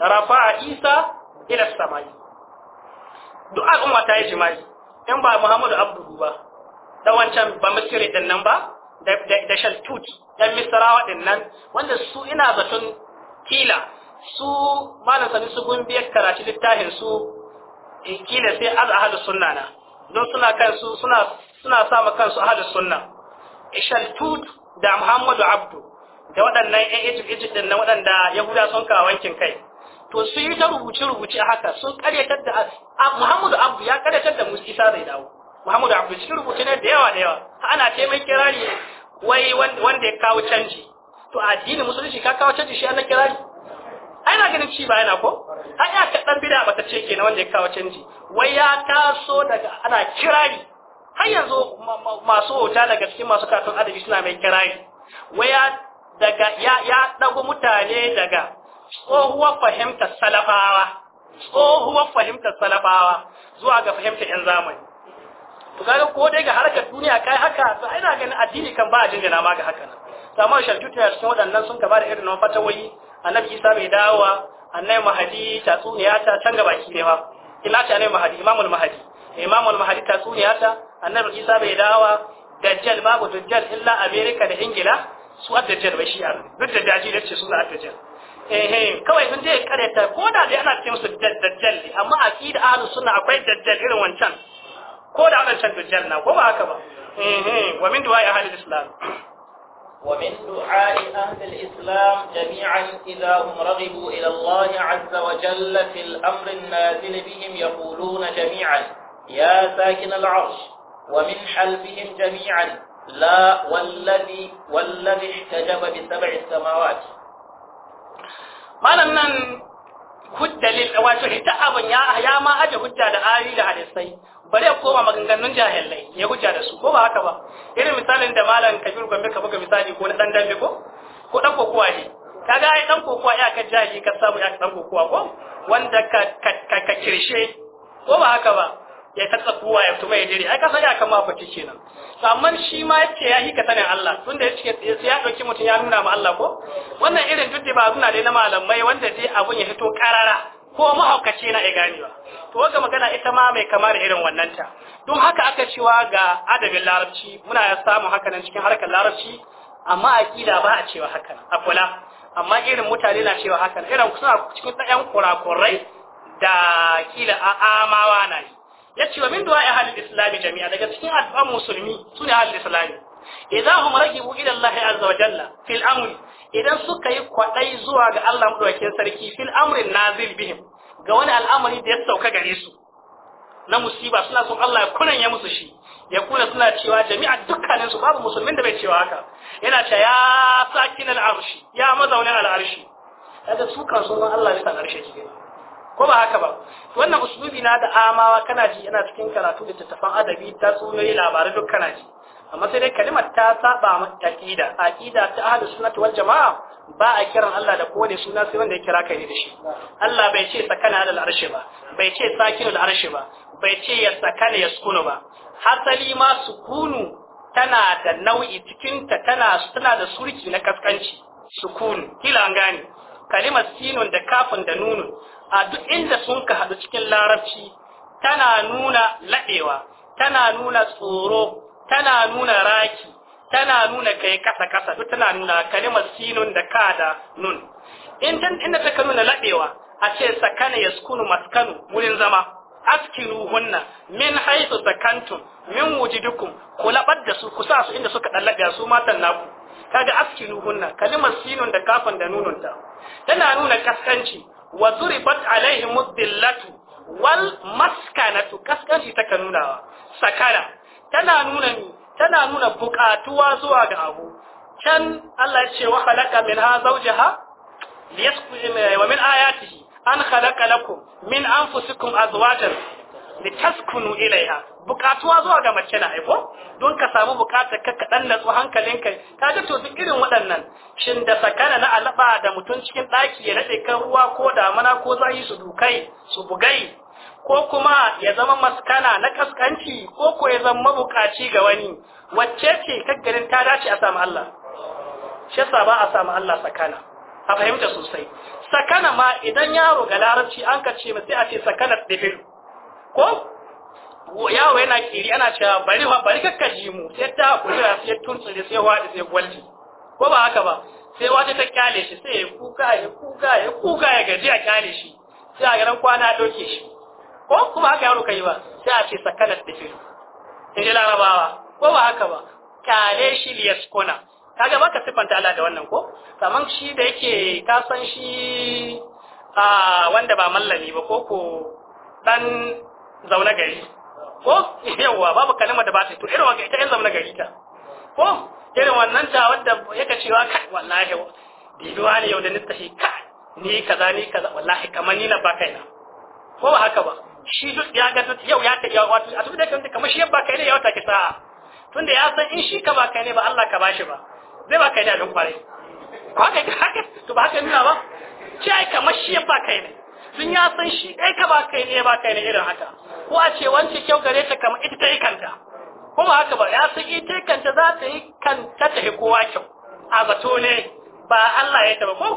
S1: rafa'a Isa ila samai duk al'umma ta yi jima'i in ba Muhammadu Abdu ba da wancan ba misiri din nan ba da shaltut dan misrawa din nan wanda su ina zaton kila su malam sami su gumbiyar karatu littafin su in eh, kila sai ahlus sunna na don suna kansu suna suna sa kansu ahlus sunna shaltut da Muhammadu Abdu da waɗannan ƴan egypt ɗin na waɗanda yahuda sun kawankin wankin kai to su yi ta rubuce rubuce a haka sun karyatar da muhammadu abdu ya karyatar da musa zai dawo muhammadu abdu cikin rubuce ne da yawa da yawa ana ce mai kirari wai wanda ya kawo canji to addinin musulunci ka kawo canji shi ana kirari ai na ganin ci ba yana ko ai ya kaɗan bida ba ta ce wanda ya kawo canji wai ya taso daga ana kirari har yanzu masu wuta daga cikin masu katon adabi suna mai kirari wai ya daga ya ya dago mutane daga tsohuwar fahimtar salafawa tsohuwar fahimtar salafawa zuwa ga fahimtar yan zamani to kaga ko dai ga harkar duniya kai haka to ina ganin addini kan ba a jingina ma ga haka nan amma shaltuta ya cikin waɗannan sun gaba da irin nan fatawoyi annabi isa mai dawowa annabi mahadi tsuniya ta can gaba ne ba ila ta annabi mahadi imamul mahadi imamul mahadi tsuniya ta annabi isa mai dawowa dajjal babu dajjal illa america da ingila su addajjal bai shi'a duk da daji da ce suna addajjal eh kawai sun je kareta ko da dai ana ce musu dajjal ne amma aqida ahlus sunna akwai dajjal irin wancan ko da
S2: wadancan dajjal na ko ba haka ba eh wa min du'a ahlul islam ومن دعاء أهل الإسلام جميعا إذا هم رغبوا إلى الله عز وجل في الأمر النازل بهم يقولون جميعا يا ساكن العرش ومن حلفهم جميعا la wallani wallazi ihtajaba bi sab'i samawati
S1: malam nan hujjalil wato ita abun ya ya ma aje hujja da ayi da hadisai bare ya koma maganganun jahilai ya hujja da su ko ba haka ba irin misalin da malam kabir gombe ka buga misali ko na dan dambe ko ko dan kokowa ne kaga ai dan kokowa ya ka jahili ka samu ya dan kokowa ko wanda ka, ka, kirshe ko ba haka ba ya ta tsakuwa ya kuma ya dare ai ka sani akan mafaci kenan to amma shi ma yake ya hika sanin Allah tunda yake sai ya dauki mutun ya nuna ma Allah ko wannan irin duk ba suna da na malamai wanda dai abun ya fito karara ko mahaukaci na ya ganewa to ga magana ita ma mai kama da irin wannan ta don haka aka cewa ga adabin larabci muna ya samu haka nan cikin harkar larabci amma aqida ba a cewa haka a kula amma irin mutane na cewa haka irin suna cikin ɗayan kurakurai da kila amawa na yi ya ce wa min du'a ahlul islami jami'a daga cikin addu'an musulmi sune ahlul islami idan hum ragibu ila Allah azza wa jalla fil idan suka yi kwadai zuwa ga Allah madaukakin sarki fil amrin nazil bihim ga wani al'amari da ya sauka gare su na musiba suna son Allah ya kunan ya musu shi ya kuna suna cewa jami'a dukkanin su babu musulmin da bai cewa haka yana cewa ya sakin arshi ya mazaunin al'arshi kaga su kan sunan Allah bisa al'arshi kenan ko ba haka ba wannan uslubi na da amawa kana ji yana cikin karatu da tattafan adabi ta tsoyoyi labarai duk kana ji amma sai dai kalimar ta saba ma aqida aqida ta ahlus sunnati wal jamaa ba a kiran Allah da kowane suna sai wanda ya kira kai da shi Allah bai ce sakana alal arshi ba bai ce sakinul arshi ba bai ce ya sakana yaskunu ba hasali ma sukunu tana da nau'i cikin ta tana tana da surki na kaskanci sukun kila an gane kalimar sinun da kafin da nunun a duk inda sun ka haɗu cikin larabci tana nuna laɗewa tana nuna tsoro tana nuna raki tana nuna kai kasa kasa duk tana nuna kalimar sinun da ka da nun in inda ta nuna laɗewa a ce sakana yaskunu maskanu wurin zama askiru hunna min haisu sakantum min dukun, ku labar da su ku su inda suka dallaga su matan naku kaga askiru hunna kalimar sinun da kafan da nununta tana nuna kaskanci wa duribat alaihim dhillatu wal maskanatu kaskanci ta nunawa sakana tana nuna ni tana nuna bukatuwa zuwa ga abu can Allah ya ce wa khalaqa minha zawjaha liyaskun wa min ayatihi an khalaqa lakum min anfusikum azwajan taskunu ilaiha bukatuwa zuwa ga mace na aiko don ka samu bukatar ka ka dan natsu hankalin ta ka ji to duk irin waɗannan shin da sakana na alaba da mutum cikin ɗaki ya nade kan ruwa ko damana ko zai su dukai su bugai ko kuma ya zama maskana na kaskanci ko ko ya zama mabukaci ga wani wacce ce kaggarin ta dace a samu Allah shi yasa ba a samu Allah sakana a fahimta sosai sakana ma idan yaro ga larabci an kace mu sai a ce sakana fil ko yawo yana kiri ana cewa bari wa bari ji mu sai ta kujira sai tuntsure sai wadi sai gwalti ko ba haka ba sai wata ta kyale shi sai ya kuka ya kuka ya kuka ya gaji a kyale shi sai a garan kwana doke shi ko kuma haka yaro kai ba sai a ce sakanar da shi in ji larabawa ko ba haka ba kyale shi liyaskona kaga baka siffanta Allah da wannan ko kaman shi da yake ka san shi a ah, wanda ba mallami ba ko ko dan zaune gari ko yawa babu kalmar da ba ta to irin wannan ita mun zaune gari ta ko irin wannan ta wadda yake cewa kai wallahi diduwa ne yau da nistahi ka. ni kaza ni kaza wallahi kamar ni na ba na ko ba haka ba shi duk ya ga yau ya ta yawa wato a da kanta kamar shi ya ba kai ne ya wata ki sa'a tunda ya san in shi ka ba kai ne ba Allah ka bashi ba zai ba kai ne a duk kwarai haka haka to ba haka nuna ba ce ai kamar shi ya ba kai ne sun ya san shi ɗai ka ba kai ne ba kai ne irin haka ko a ce wance kyau gare ta kamar ita ta yi kanta Kuma haka ba ya san ita kanta za ta yi kanta ta yi kowa kyau a zato ne ba Allah ya taba ko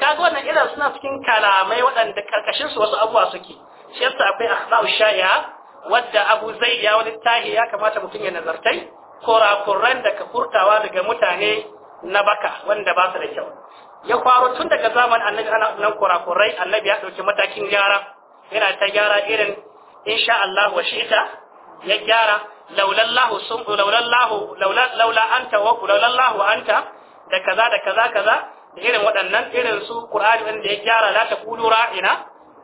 S1: ga wannan irin suna cikin kalamai waɗanda karkashin su wasu abubuwa suke shi yasa akwai akhlaqu shaya wadda Abu Zaid ya wani tahi ya kamata mutum ya nazartai korakurran da ka furtawa daga mutane na baka wanda ba su da kyau ya faro tun daga zaman annabi ana nan kurakurai annabi ya ɗauki matakin gyara yana ta gyara irin insha Allah wa shi'ta ya gyara laulallahu sun laulallahu laula anta wa laulallahu anta da kaza da kaza kaza da irin waɗannan irin su Qur'ani din da ya gyara la ta kulu ra'ina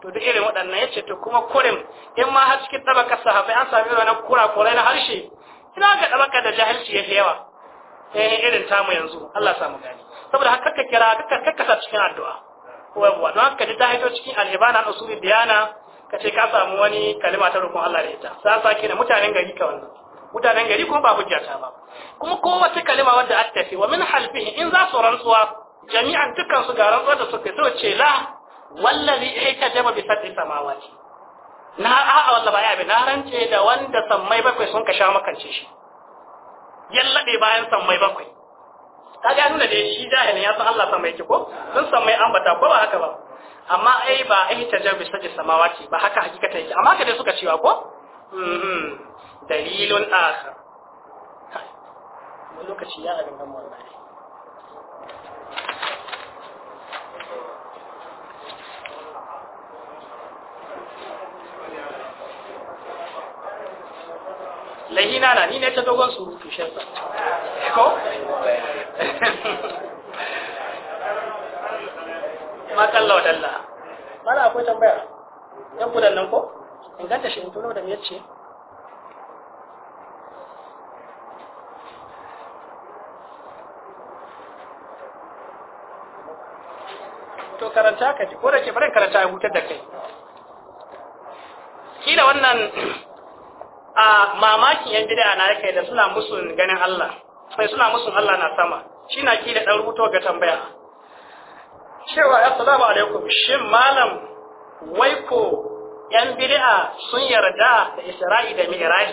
S1: to duk irin waɗannan yace to kuma kurim in ma har cikin tabakar sahabbai an sami wannan kurakurai na harshe ina ga tabakar da jahilci ya yawa eh irin tamu yanzu Allah samu gani saboda haka kakka kira kakka kakka sa cikin addu'a yawwa don haka ji ta haito cikin alhibana na usulin biyana ka ce ka samu wani kalima ta roƙon Allah da ita sa sa kenan mutanen gari ka wannan mutanen gari kuma ba hujja ta ba kuma kowace kalima wanda aka tafi wa min halfihi in za su rantsuwa jami'an dukkan su ga rantsuwa da suka so ce la wallazi ihtajama bi sab'i samawati na a'a wallahi ba ya bi na rance da wanda sammai bakwai sun ka sha makance shi yallabe bayan sammai bakwai kaga ya nuna da shi jahilin ya san Allah sama yake ko sun san mai ambata ko ba haka ba amma ai ba ai ta jabi saje samawa ce ba haka hakikata yake amma kada suka cewa ko mm-hmm. dalilun akhar lokaci ya ga dan wallahi rahina na ni ne ta dogon surutu shi ko makalla wadalla mana akwai tambaya yan budan nan ko ganta shi in tuno da me
S2: to karanta ka ji ko da ke bari karanta ya hutar da kai
S1: kila wannan a mamakin yan gida na yake da suna musu ganin Allah sai suna musu Allah na sama shi na ki da dan rubuto ga tambaya cewa assalamu alaikum shin malam wai ko yan bid'a sun yarda da Isra'i da Mi'raj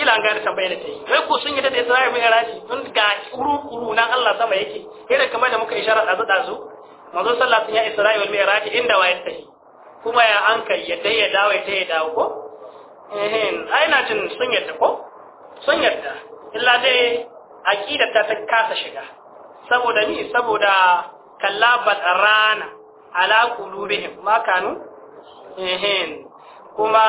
S1: kila an gani tambayar da ta yi wai ko sun yarda da Isra'i da Mi'raj tun ga kuru-kuru na Allah sama yake kira kamar da muka isharar dazu-dazu manzo sallallahu alaihi wasallam ya Isra'i da Mi'raj inda wayar ta kuma ya an kai yadda ya dawo ya dawo ko A ina jin sun yadda ko sun yadda illa dai aqida ta ta kasa shiga saboda ni saboda kallabat rana ala qulubihim ma kanu ehem kuma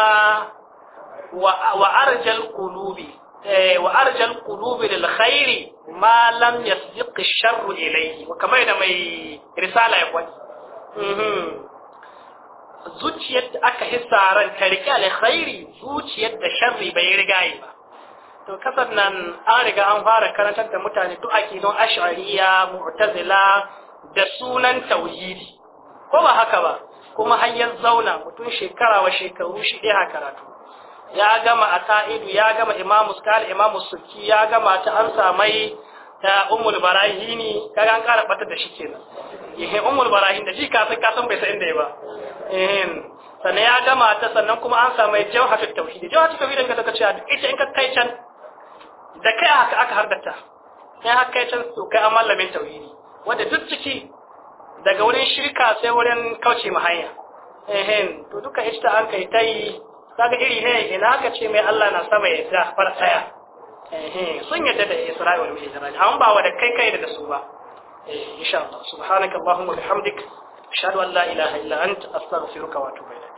S1: wa arjal qulubi eh, wa arjal qulubi lil khairi ma lam yasbiq ash-sharr ilayhi wa kamar da mai risala ya kwani zuciyar da aka hissa ran ta riƙe alkhairi zuciyar da sharri bai yi ba to kasar nan an riga an fara karantar da mutane duk ake don ash'ariya mu'tazila da sunan tauhidi ko ba haka ba kuma hanyar zauna mutum shekara wa shekaru shi ɗaya karatu ya gama a ya gama imamu skal imamu suki ya gama ta an samai ta umul barahini kaga an kara batar da shi kenan eh umul barahin da shi ka san ka san bai san inda ya ba eh sanan ya gama ta sannan kuma an samu jawhatu tauhid jawhatu tauhid ka ce cewa ita in ka kai can da kai haka aka hardata kai aka kai can to kai amalla lamin tauhidi wanda duk ciki daga wurin shirka sai wurin kauce mahanya eh to duka ita an kai tai kaga iri ne ina ka ce mai Allah na sama ya ta fara tsaya sun yadda da Isra'i wal Mi'raj amma ba wa da kai kai da su ba insha Allah subhanaka allahumma bihamdik ashhadu Allah la ilaha illa anta astaghfiruka wa atubu ilayk